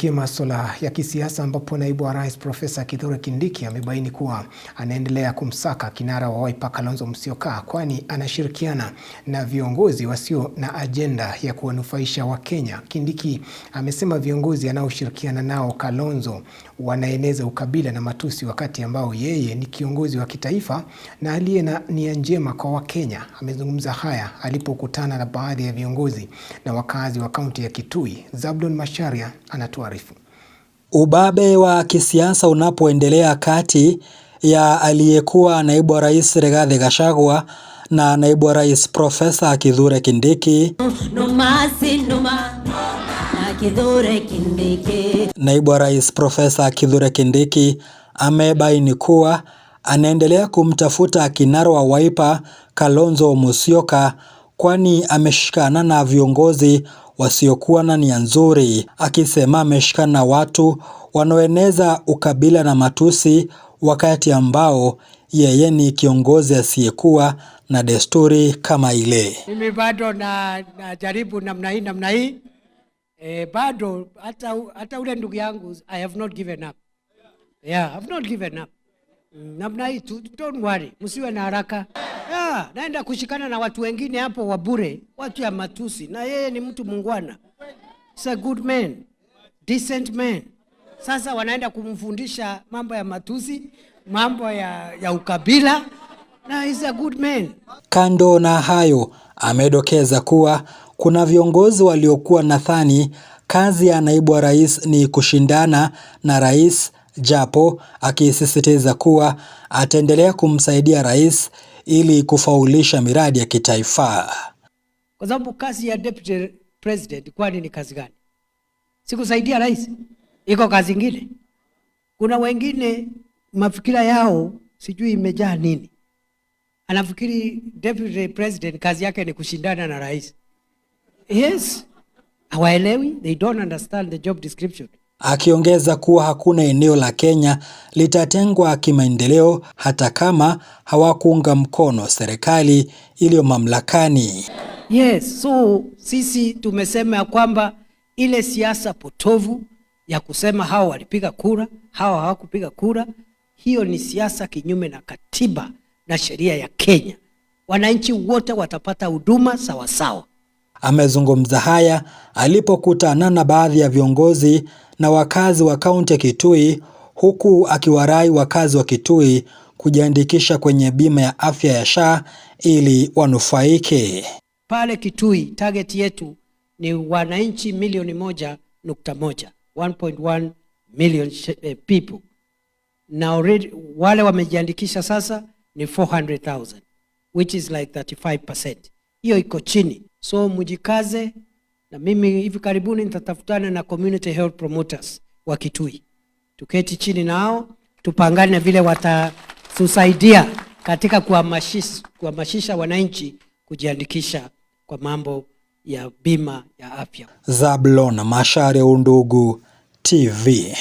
Tugeukie masuala ya kisiasa ambapo naibu wa rais Profesa Kithure Kindiki amebaini kuwa anaendelea kumsaka kinara wa Wiper Kalonzo Musyoka kwani anashirikiana na viongozi wasio na ajenda ya kuwanufaisha Wakenya. Kindiki amesema viongozi anaoshirikiana nao Kalonzo wanaeneza ukabila na matusi, wakati ambao yeye ni kiongozi wa kitaifa na aliye na nia njema kwa Wakenya. Amezungumza haya alipokutana na baadhi ya viongozi na wakazi wa kaunti ya Kitui. Zablon Macharia anatua taarifa. Ubabe wa kisiasa unapoendelea kati ya aliyekuwa naibu wa rais Rigathi Gachagua na naibu wa rais Profesa Kithure Kindiki. Naibu wa rais Profesa Kithure Kindiki amebaini kuwa anaendelea kumtafuta kinara wa Wiper Kalonzo Musyoka kwani ameshikana na viongozi wasiokuwa na nia nzuri, akisema ameshikana na watu wanaoeneza ukabila na matusi, wakati ambao yeye ni kiongozi asiyekuwa na desturi kama ile. Mimi bado na, na jaribu namna hii namna hii eh, bado hata, hata ule ndugu yangu I have not given up. Yeah, I have not given up. Mm, namna hii tu, don't worry, msiwe na haraka. Yeah, naenda kushikana na watu wengine hapo wa bure, watu ya matusi, na yeye ni mtu mungwana. He's a good man, decent man. Sasa wanaenda kumfundisha mambo ya matusi, mambo ya, ya ukabila na he's a good man. Kando na hayo, amedokeza kuwa kuna viongozi waliokuwa nadhani kazi ya naibu wa rais ni kushindana na rais, japo akisisitiza kuwa ataendelea kumsaidia rais ili kufaulisha miradi ya kitaifa. Kwa sababu kazi ya deputy president kwani ni kazi gani? Sikusaidia rais, iko kazi ingine. Kuna wengine mafikira yao sijui imejaa nini, anafikiri deputy president kazi yake ni kushindana na rais. Yes, hawaelewi, they don't understand the job description akiongeza kuwa hakuna eneo la Kenya litatengwa kimaendeleo hata kama hawakuunga mkono serikali iliyo mamlakani. Yes, so sisi tumesema ya kwamba ile siasa potovu ya kusema hawa walipiga kura, hawa hawakupiga kura, hiyo ni siasa kinyume na katiba na sheria ya Kenya. Wananchi wote watapata huduma sawasawa. Amezungumza haya alipokutana na baadhi ya viongozi na wakazi wa kaunti ya Kitui huku akiwarai wakazi wa Kitui kujiandikisha kwenye bima ya afya ya SHA ili wanufaike. Pale Kitui target yetu ni wananchi milioni moja nukta moja 1.1 million eh, people na already wale wamejiandikisha sasa ni 400,000 which is like 35%. Hiyo iko chini So mjikaze, na mimi hivi karibuni nitatafutana na community health promoters wa Kitui, tuketi chini nao tupangane vile watatusaidia katika kuhamasisha kuhamasisha wananchi kujiandikisha kwa mambo ya bima ya afya. Zablon mashare Undugu TV.